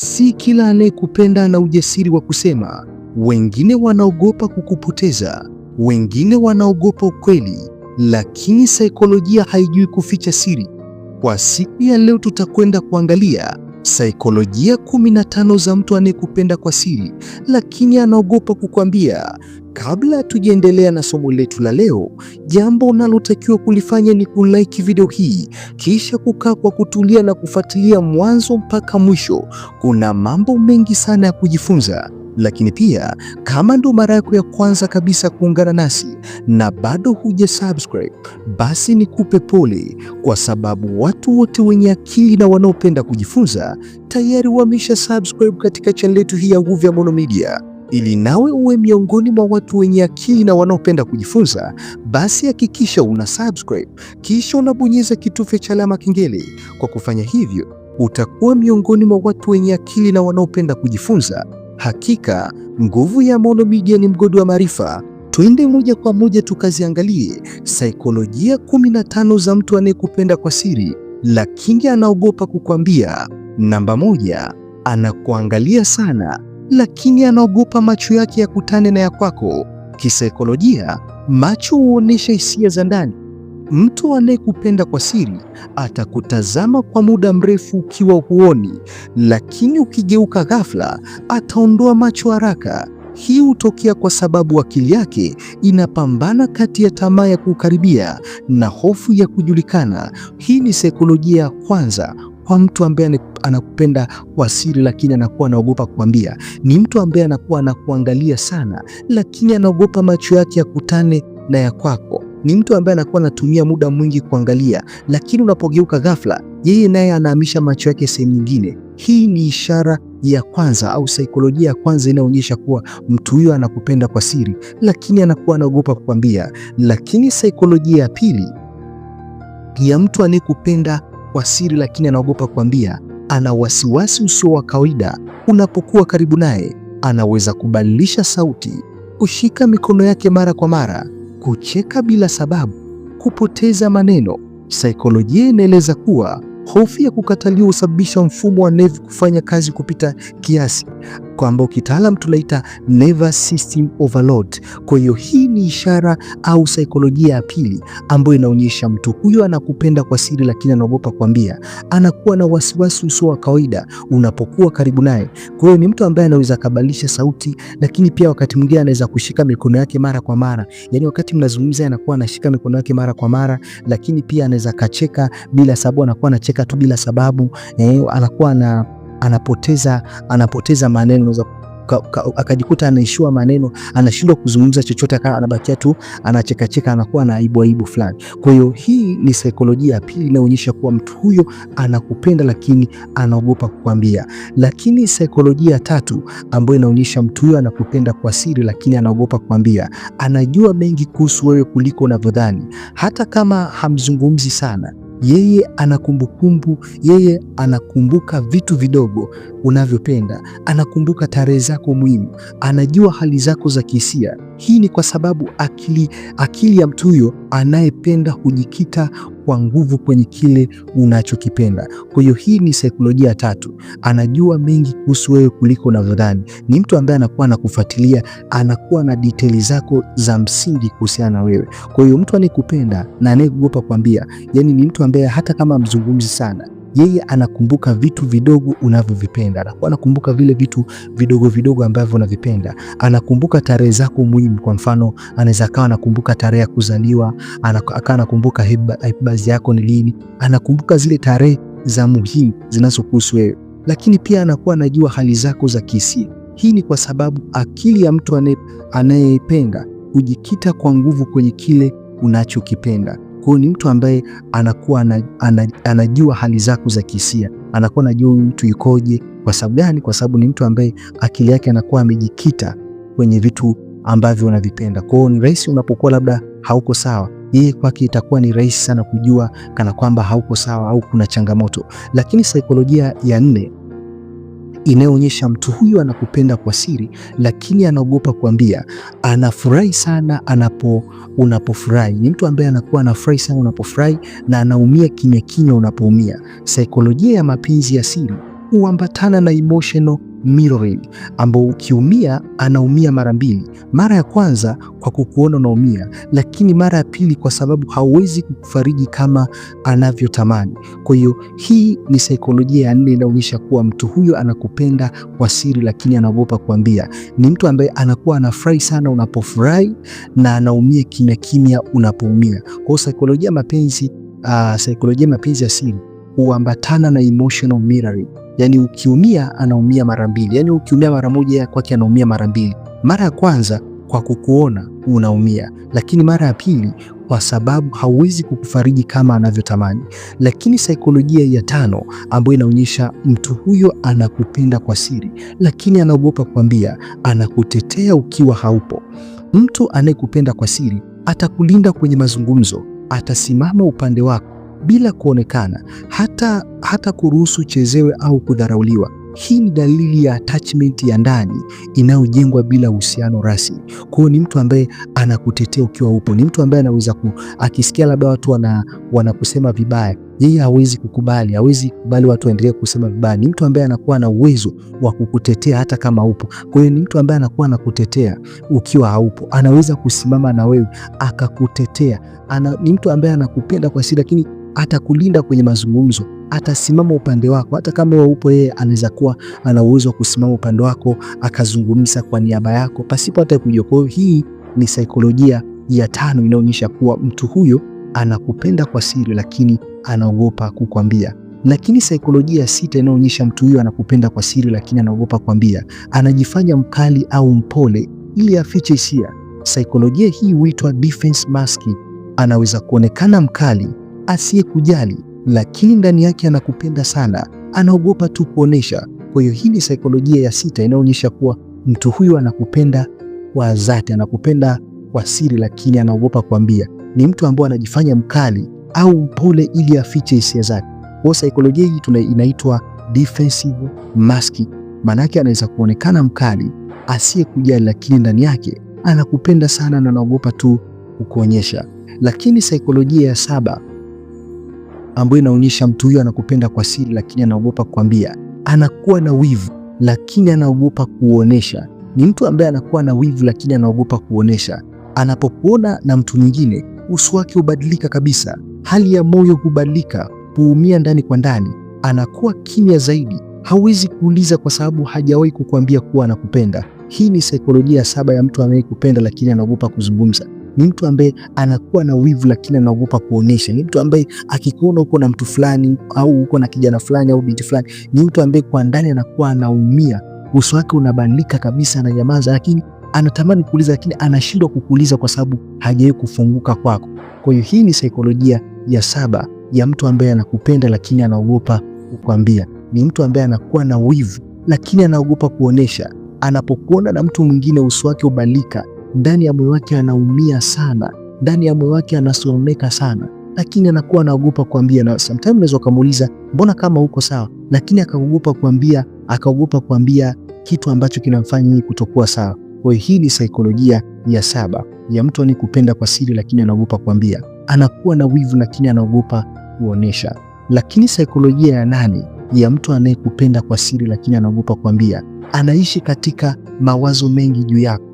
Si kila anayekupenda ana ujasiri wa kusema. Wengine wanaogopa kukupoteza, wengine wanaogopa ukweli, lakini saikolojia haijui kuficha siri. Kwa siku ya leo, tutakwenda kuangalia Saikolojia 15 za mtu anayekupenda kwa siri lakini anaogopa kukwambia. Kabla tujaendelea na somo letu la leo, jambo unalotakiwa kulifanya ni kulike video hii, kisha kukaa kwa kutulia na kufuatilia mwanzo mpaka mwisho. Kuna mambo mengi sana ya kujifunza. Lakini pia kama ndo mara yako ya kwanza kabisa kuungana nasi na bado huja subscribe, basi nikupe pole, kwa sababu watu wote wenye akili na wanaopenda kujifunza tayari wamesha subscribe katika channel yetu hii ya Nguvu ya Maono Media. Ili nawe uwe miongoni mwa watu wenye akili na wanaopenda kujifunza, basi hakikisha una subscribe kisha unabonyeza kitufe cha alama kengele. Kwa kufanya hivyo, utakuwa miongoni mwa watu wenye akili na wanaopenda kujifunza. Hakika nguvu ya Maono Media ni mgodi wa maarifa. Twende moja kwa moja tukaziangalie saikolojia 15 za mtu anayekupenda kwa siri lakini anaogopa kukwambia. Namba moja, anakuangalia sana lakini anaogopa macho yake yakutane na ya kwako. Kisaikolojia, macho huonyesha hisia za ndani Mtu anayekupenda kwa siri atakutazama kwa muda mrefu ukiwa huoni, lakini ukigeuka ghafla ataondoa macho haraka. Hii hutokea kwa sababu akili yake inapambana kati ya tamaa ya kukaribia na hofu ya kujulikana. Hii ni saikolojia ya kwanza kwa mtu ambaye anakupenda kwa siri lakini anakuwa anaogopa kuambia Ni mtu ambaye anakuwa anakuangalia sana, lakini anaogopa macho yake yakutane na ya kwako ni mtu ambaye anakuwa anatumia muda mwingi kuangalia, lakini unapogeuka ghafla, yeye naye anahamisha macho yake sehemu nyingine. Hii ni ishara ya kwanza au saikolojia ya kwanza inaonyesha kuwa mtu huyo anakupenda kwa siri, lakini anakuwa anaogopa kukwambia. Lakini saikolojia ya pili ya mtu anayekupenda kwa siri, lakini anaogopa kukwambia, ana wasiwasi usio wa kawaida unapokuwa karibu naye. Anaweza kubadilisha sauti, kushika mikono yake mara kwa mara kucheka bila sababu, kupoteza maneno. Saikolojia inaeleza kuwa hofu ya kukataliwa husababisha mfumo wa nevi kufanya kazi kupita kiasi, mzunguko ambao kitaalam tunaita nervous system overload. Kwa hiyo hii ni ishara au saikolojia ya pili ambayo inaonyesha mtu huyo anakupenda kwa siri, lakini anaogopa kuambia. Anakuwa na wasiwasi usio wa kawaida unapokuwa karibu naye. Kwa hiyo ni mtu ambaye anaweza kabadilisha sauti, lakini pia wakati mwingine anaweza kushika mikono yake mara kwa mara, yaani wakati mnazungumza anakuwa anashika mikono yake mara kwa mara, lakini pia anaweza kacheka bila sababu, anakuwa anacheka tu bila sababu eh, anakuwa na anapoteza, anapoteza maneno akajikuta anaishua maneno, anashindwa kuzungumza chochote, akawa anabakia tu anachekacheka, anakuwa na aibu aibu fulani. Kwa hiyo hii ni saikolojia ya pili inayoonyesha kuwa mtu huyo anakupenda, lakini anaogopa kukwambia. Lakini saikolojia ya tatu ambayo inaonyesha mtu huyo anakupenda kwa siri, lakini anaogopa kukwambia, anajua mengi kuhusu wewe kuliko unavyodhani, hata kama hamzungumzi sana yeye ana kumbukumbu, yeye anakumbuka vitu vidogo unavyopenda, anakumbuka tarehe zako muhimu, anajua hali zako za kihisia. Hii ni kwa sababu akili, akili ya mtu huyo anayependa hujikita kwa nguvu kwenye kile unachokipenda. Kwa hiyo hii ni saikolojia tatu. Anajua mengi kuhusu wewe kuliko unavyodhani. Ni mtu ambaye anakuwa anakufuatilia, anakuwa na detaili zako za msingi kuhusiana na wewe. Kwa hiyo mtu anayekupenda na anayekuogopa kwambia yani ni mtu ambaye hata kama mzungumzi sana yeye anakumbuka vitu vidogo unavyovipenda, anakuwa anakumbuka vile vitu vidogo vidogo ambavyo unavipenda. Anakumbuka tarehe zako muhimu. Kwa mfano, anaweza akawa anakumbuka tarehe ya kuzaliwa, akawa anakumbuka happy birthday yako ni lini, anakumbuka zile tarehe za muhimu zinazokuhusu wewe, lakini pia anakuwa anajua hali zako za kihisia. Hii ni kwa sababu akili ya mtu anayependa hujikita kwa nguvu kwenye kile unachokipenda. Huyu ni mtu ambaye anakuwa anajua hali zako za kihisia, anakuwa anajua mtu yukoje. Kwa sababu gani? Kwa sababu ni mtu ambaye akili yake anakuwa amejikita kwenye vitu ambavyo unavipenda. Kwa hiyo ni rahisi unapokuwa labda hauko sawa, yeye kwake itakuwa ni rahisi sana kujua kana kwamba hauko sawa au kuna changamoto. Lakini saikolojia ya nne inayoonyesha mtu huyu anakupenda kwa siri, lakini anaogopa kuambia. Anafurahi sana anapo unapofurahi, ni mtu ambaye anakuwa anafurahi sana unapofurahi na anaumia kimya kimya unapoumia. Saikolojia ya mapenzi ya siri huambatana na emotional mirroring, ambao ukiumia anaumia mara mbili. Mara ya kwanza kwa kukuona unaumia, lakini mara ya pili kwa sababu hauwezi kukufariji kama anavyotamani. Kwa hiyo hii ni saikolojia ya nne, inaonyesha kuwa mtu huyo anakupenda kwa siri, lakini anaogopa kuambia. Ni mtu ambaye anakuwa anafurahi sana unapofurahi na anaumia kimya kimya unapoumia. Kwa hiyo saikolojia mapenzi, uh, saikolojia mapenzi ya siri huambatana na emotional mirroring yani ukiumia anaumia mara mbili, yani ukiumia mara moja kwake anaumia mara mbili. Mara ya kwanza kwa kukuona unaumia, lakini mara ya pili kwa sababu hauwezi kukufariji kama anavyotamani. Lakini saikolojia ya tano ambayo inaonyesha mtu huyo anakupenda kwa siri, lakini anaogopa kuambia, anakutetea ukiwa haupo. Mtu anayekupenda kwa siri atakulinda kwenye mazungumzo, atasimama upande wako bila kuonekana, hata, hata kuruhusu chezewe au kudharauliwa. Hii ni dalili ya attachment ya ndani inayojengwa bila uhusiano rasmi. Kwa hiyo ni mtu ambaye anakutetea ukiwa upo, ni mtu ambaye anaweza ku, akisikia labda watu wana, wanakusema vibaya, yeye hawezi kukubali, hawezi kukubali watu waendelee kusema vibaya. Ni mtu ambaye anakuwa na uwezo wa kukutetea hata kama upo. Kwa hiyo ni mtu ambaye anakuwa anakutetea ukiwa haupo, anaweza kusimama na wewe akakutetea. Ana, ni mtu ambaye anakupenda kwa siri, lakini atakulinda kwenye mazungumzo, atasimama upande wako. Hata kama wewe upo, yeye anaweza kuwa ana uwezo wa kusimama upande wako akazungumza kwa niaba yako pasipo hata kujua. Kwa hiyo hii ni saikolojia ya tano inaonyesha kuwa mtu huyo anakupenda kwa siri, lakini anaogopa kukwambia. Lakini saikolojia sita inaonyesha mtu huyo anakupenda kwa siri, lakini anaogopa kwambia. Anajifanya mkali au mpole ili afiche hisia. Saikolojia hii huitwa defense masking. Anaweza kuonekana mkali asiyekujali, lakini ndani yake anakupenda sana, anaogopa tu kuonesha. Kwa hiyo hii ni saikolojia ya sita inayoonyesha kuwa mtu huyu anakupenda kwa dhati, anakupenda kwa siri, lakini anaogopa kuambia. Ni mtu ambaye anajifanya mkali au mpole ili afiche hisia zake. Kwa saikolojia hii inaitwa defensive mask. Maana yake anaweza kuonekana mkali asiyekujali, lakini ndani yake anakupenda sana na anaogopa tu kukuonyesha. Lakini saikolojia ya saba ambayo inaonyesha mtu huyo anakupenda kwa siri, lakini anaogopa kukwambia. Anakuwa na wivu, lakini anaogopa kuuonesha. Ni mtu ambaye anakuwa na wivu, lakini anaogopa kuonesha. Anapokuona na mtu mwingine, uso wake hubadilika kabisa, hali ya moyo hubadilika, huumia ndani kwa ndani, anakuwa kimya zaidi, hawezi kuuliza kwa sababu hajawahi kukuambia kuwa anakupenda. Hii ni saikolojia saba ya mtu anayekupenda lakini anaogopa kuzungumza. Ni mtu ambaye anakuwa na wivu lakini anaogopa kuonyesha. Ni mtu ambaye akikuona uko na mtu fulani au uko na kijana fulani au binti fulani, ni mtu ambaye kwa ndani anakuwa anaumia, uso wake unabadilika kabisa, ananyamaza, lakini anatamani kuuliza, lakini anashindwa kukuuliza kwa sababu hajawahi kufunguka kwako. Kwa hiyo hii ni saikolojia ya saba ya mtu ambaye anakupenda lakini anaogopa kukwambia. Ni mtu ambaye anakuwa na wivu lakini anaogopa kuonesha. Anapokuona na mtu mwingine uso wake ubadilika, ndani ya moyo wake anaumia sana, ndani ya moyo wake anasononeka sana, lakini anakuwa anaogopa kuambia. Na sometimes unaweza kumuuliza mbona kama uko sawa, lakini akaogopa kuambia, akaogopa kuambia kitu ambacho kinamfanya yeye kutokuwa sawa. Kwa hiyo hii ni saikolojia ya saba ya mtu ni kupenda kwa siri, lakini anaogopa kuambia. Anakuwa na wivu, lakini anaogopa kuonesha. Lakini saikolojia ya nane ya mtu anayekupenda kwa siri, lakini anaogopa kuambia, anaishi katika mawazo mengi juu yako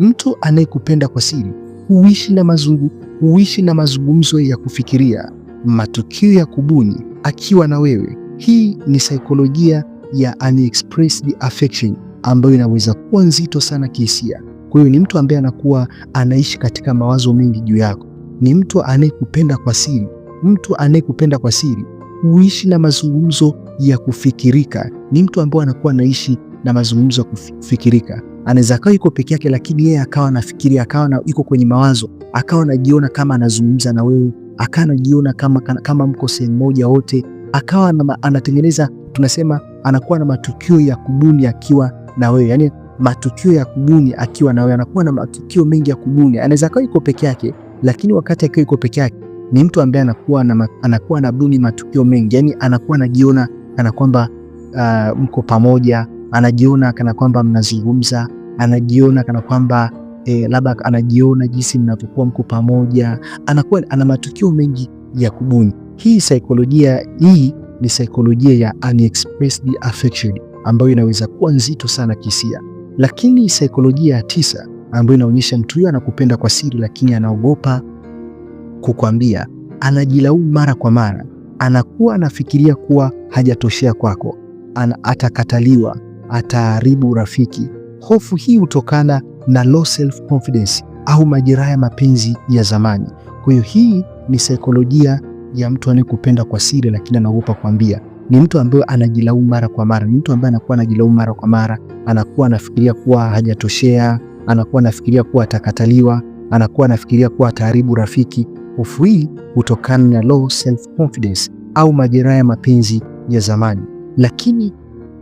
Mtu anayekupenda kwa siri huishi na mazungu, huishi na mazungumzo ya kufikiria, matukio ya kubuni akiwa na wewe. Hii ni saikolojia ya unexpressed affection ambayo inaweza kuwa nzito sana kihisia. Kwa hiyo ni mtu ambaye anakuwa anaishi katika mawazo mengi juu yako, ni mtu anayekupenda kwa siri. Mtu anayekupenda kwa siri huishi na mazungumzo ya kufikirika, ni mtu ambaye anakuwa anaishi na mazungumzo ya kufikirika anaweza akawa yuko peke yake, lakini yeye akawa anafikiri, akawa na yuko kwenye mawazo, akawa anajiona kama anazungumza na wewe, akawa anajiona kama, kama mko sehemu moja wote, akawa anatengeneza, tunasema anakuwa na matukio ya kubuni akiwa na wewe, yani matukio ya kubuni akiwa na wewe, anakuwa na matukio mengi ya kubuni. Anaweza akawa yuko peke yake, lakini wakati akiwa yuko peke yake ni mtu ambaye anakuwa na, anakuwa na buni matukio mengi, yani anakuwa anajiona kana kwamba uh, mko pamoja, anajiona kana kwamba mnazungumza anajiona kana kwamba e, labda anajiona jinsi mnavyokuwa mko pamoja, anakuwa ana matukio mengi ya kubuni. Hii saikolojia hii ni saikolojia ya unexpressed affection ambayo inaweza kuwa nzito sana kisia. Lakini saikolojia ya tisa ambayo inaonyesha mtu huyo anakupenda kwa siri, lakini anaogopa kukwambia, anajilaumu mara kwa mara, anakuwa anafikiria kuwa hajatoshea kwako, ana, atakataliwa, ataharibu urafiki, Hofu hii hutokana na low self confidence au majeraha ya mapenzi ya zamani. Kwa hiyo hii ni saikolojia ya mtu anayekupenda kwa siri, lakini anaogopa kuambia. Ni mtu ambaye anajilaumu mara kwa mara, ni mtu ambaye anakuwa anajilaumu mara kwa mara, anakuwa anafikiria kuwa hajatoshea, anakuwa anafikiria kuwa atakataliwa, anakuwa anafikiria kuwa ataharibu rafiki. Hofu hii hutokana na low self confidence au majeraha ya mapenzi ya zamani, lakini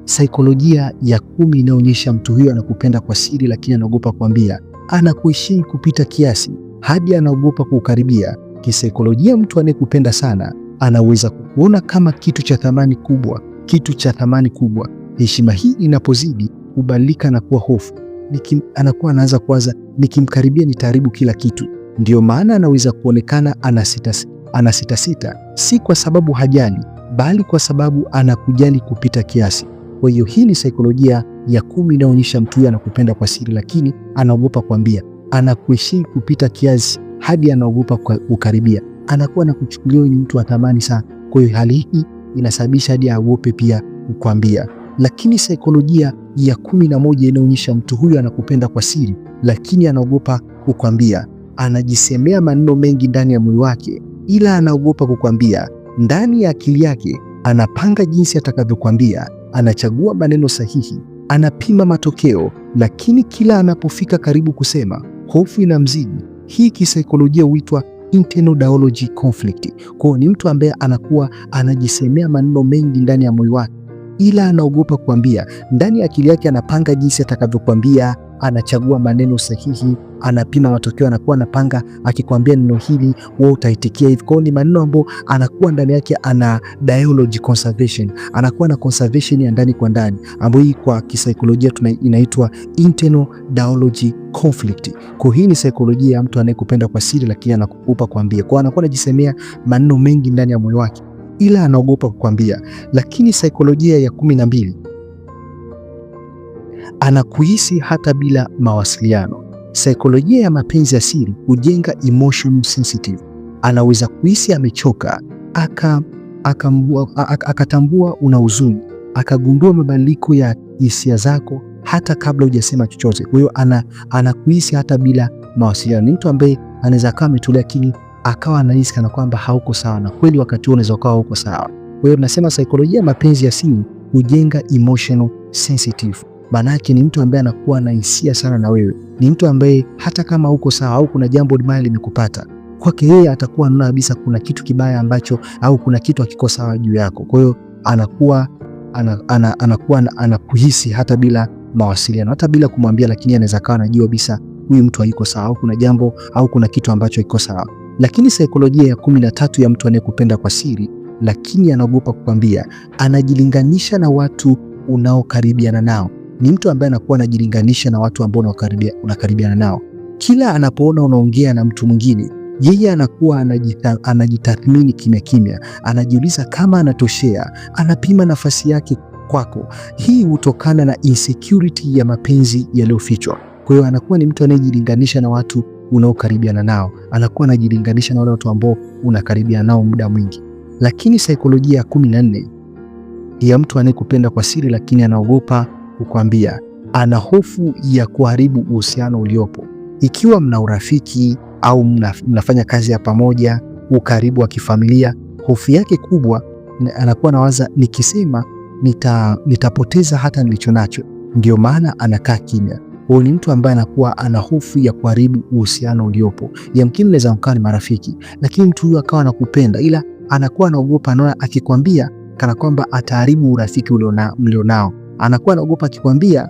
saikolojia ya kumi inaonyesha mtu huyo anakupenda kwa siri, lakini anaogopa kuambia. Anakuheshimu kupita kiasi hadi anaogopa kuukaribia. Kisaikolojia, mtu anayekupenda sana anaweza kukuona kama kitu cha thamani kubwa, kitu cha thamani kubwa. Heshima hii inapozidi kubadilika na kuwa hofu, anakuwa anaanza kuwaza, nikimkaribia nitaharibu kila kitu. Ndiyo maana anaweza kuonekana anasitasita, anasitasita, si kwa sababu hajali, bali kwa sababu anakujali kupita kiasi. Kwa hiyo hii ni saikolojia ya kumi inayoonyesha mtu huyu anakupenda kwa siri, lakini anaogopa kuambia. Anakuheshimu kupita kiasi hadi anaogopa kukaribia. Anakuwa anakuchukulia ni mtu wa thamani sana. Kwa hiyo hali hii inasababisha hadi aogope pia kukwambia. Lakini saikolojia ya kumi na moja inaonyesha mtu huyu anakupenda kwa siri, lakini anaogopa kukwambia. Anajisemea maneno mengi ndani ya moyo wake, ila anaogopa kukwambia. Ndani ya akili yake anapanga jinsi atakavyokwambia anachagua maneno sahihi, anapima matokeo, lakini kila anapofika karibu kusema, hofu inamzidi. Hii kisaikolojia huitwa internal dialogue conflict. Kwao ni mtu ambaye anakuwa anajisemea maneno mengi ndani ya moyo wake, ila anaogopa kuambia. Ndani ya akili yake anapanga jinsi atakavyokuambia, anachagua maneno sahihi anapima matokeo, anakuwa anapanga, akikwambia neno hili wewe utaitikia hivi. Kwa hiyo ni maneno ambayo anakuwa ndani yake ana dialogue conservation, anakuwa na conservation ya ndani kwa ndani, ambayo hii kwa kisaikolojia inaitwa internal dialogue conflict. Kwa hii ni saikolojia ya mtu anayekupenda kwa siri, lakini anakupa kuambia. Kwa anakuwa anajisemea maneno mengi ndani ya moyo wake, ila anaogopa kukwambia. Lakini saikolojia ya kumi na mbili anakuhisi hata bila mawasiliano. Saikolojia ya mapenzi ya siri hujenga emotion sensitive. Anaweza kuhisi amechoka, akatambua aka aka una huzuni, akagundua mabadiliko ya hisia zako hata kabla hujasema chochote. Kwa hiyo anakuhisi ana hata bila mawasiliano. Ni mtu ambaye anaweza akawa ametulia, lakini akawa anahisi kana kwamba hauko sawa, na kweli wakati huo unaweza ukawa hauko sawa. Kwa hiyo tunasema saikolojia ya mapenzi ya siri hujenga emotional sensitive. Maanake ni mtu ambaye anakuwa na hisia sana na wewe, ni mtu ambaye hata kama uko sawa au kuna jambo baya limekupata kwake yeye atakuwa anaona kabisa kuna kitu kibaya ambacho au kuna kitu akiko sawa juu yako. Kwa hiyo anakuwa anakuwa ana, anakuhisi ana, ana, ana hata bila mawasiliano hata bila kumwambia, lakini anaweza kawa anajua kabisa huyu mtu hayuko sawa au kuna jambo au kuna kitu ambacho iko sawa. Lakini saikolojia ya kumi na tatu ya mtu anayekupenda kwa siri lakini anaogopa kukwambia, anajilinganisha na watu unaokaribiana nao ni mtu ambaye anakuwa anajilinganisha na watu ambao unakaribiana nao. Kila anapoona unaongea na mtu mwingine, yeye anakuwa anajita, anajitathmini kimya kimya, anajiuliza kama anatoshea, anapima nafasi yake kwako. Hii hutokana na insecurity ya mapenzi yaliyofichwa. Kwa hiyo anakuwa ni mtu anayejilinganisha na watu unaokaribiana nao, anakuwa anajilinganisha na wale watu ambao unakaribiana nao muda mwingi. Lakini saikolojia ya kumi na nne ya mtu anayekupenda kwa siri lakini anaogopa kukwambia ana hofu ya kuharibu uhusiano uliopo. Ikiwa mna urafiki au mna, mnafanya kazi ya pamoja, ukaribu wa kifamilia, hofu yake kubwa anakuwa nawaza, nikisema nita, nitapoteza hata nilicho nacho, ndio maana anakaa kimya. Huyu ni mtu ambaye anakuwa ana hofu ya kuharibu uhusiano uliopo. Yamkini naweza mkawa ni marafiki, lakini mtu huyu akawa anakupenda, ila anakuwa anaogopa, naona akikwambia kana kwamba ataharibu urafiki mlionao anakuwa anaogopa akikwambia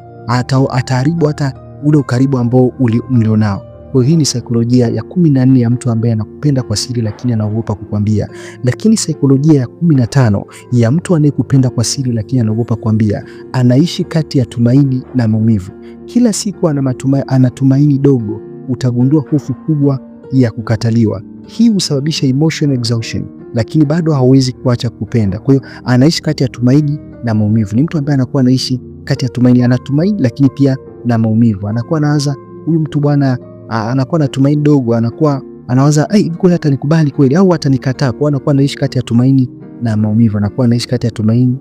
ataharibu hata ule ukaribu ambao mlionao. Kwa hii ni saikolojia ya kumi na nne ya mtu ambaye anakupenda kwa siri lakini anaogopa kukwambia. Lakini saikolojia ya kumi na tano ya mtu anayekupenda kwa siri lakini anaogopa kukwambia, anaishi kati ya tumaini na maumivu. Kila siku ana tumaini dogo, utagundua hofu kubwa ya kukataliwa. Hii husababisha emotional exhaustion, lakini bado hawezi kuacha kupenda. Kwa hiyo anaishi kati ya tumaini na maumivu. Ni mtu ambaye anakuwa anaishi kati ya tumaini, anatumaini lakini pia na maumivu. Anakuwa anaanza huyu mtu bwana, anakuwa na tumaini dogo, anakuwa anawaza ai, kweli atanikubali kweli au atanikataa? Kwa anakuwa anaishi kati ya tumaini na maumivu, anakuwa anaishi kati ya tumaini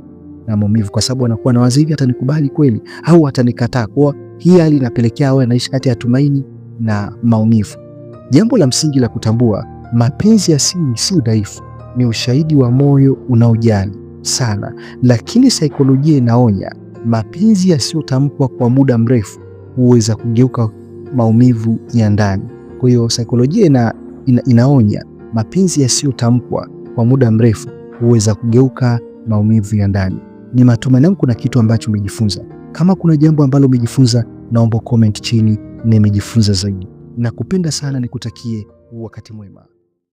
na maumivu, kwa sababu anakuwa anawaza hivi, atanikubali kweli au atanikataa? Kwa hii hali inapelekea awe anaishi kati ya tumaini na maumivu. Jambo la msingi la kutambua, mapenzi ya siri si udhaifu, ni ushahidi wa moyo unaojali sana, lakini saikolojia inaonya mapenzi yasiyotamkwa kwa muda mrefu huweza kugeuka maumivu ya ndani. Kwa hiyo saikolojia ina, ina, inaonya mapenzi yasiyotamkwa kwa muda mrefu huweza kugeuka maumivu ya ndani. Ni matumaini yangu kuna kitu ambacho umejifunza. Kama kuna jambo ambalo umejifunza, naomba comment chini, nimejifunza zaidi. Nakupenda sana, nikutakie wakati mwema.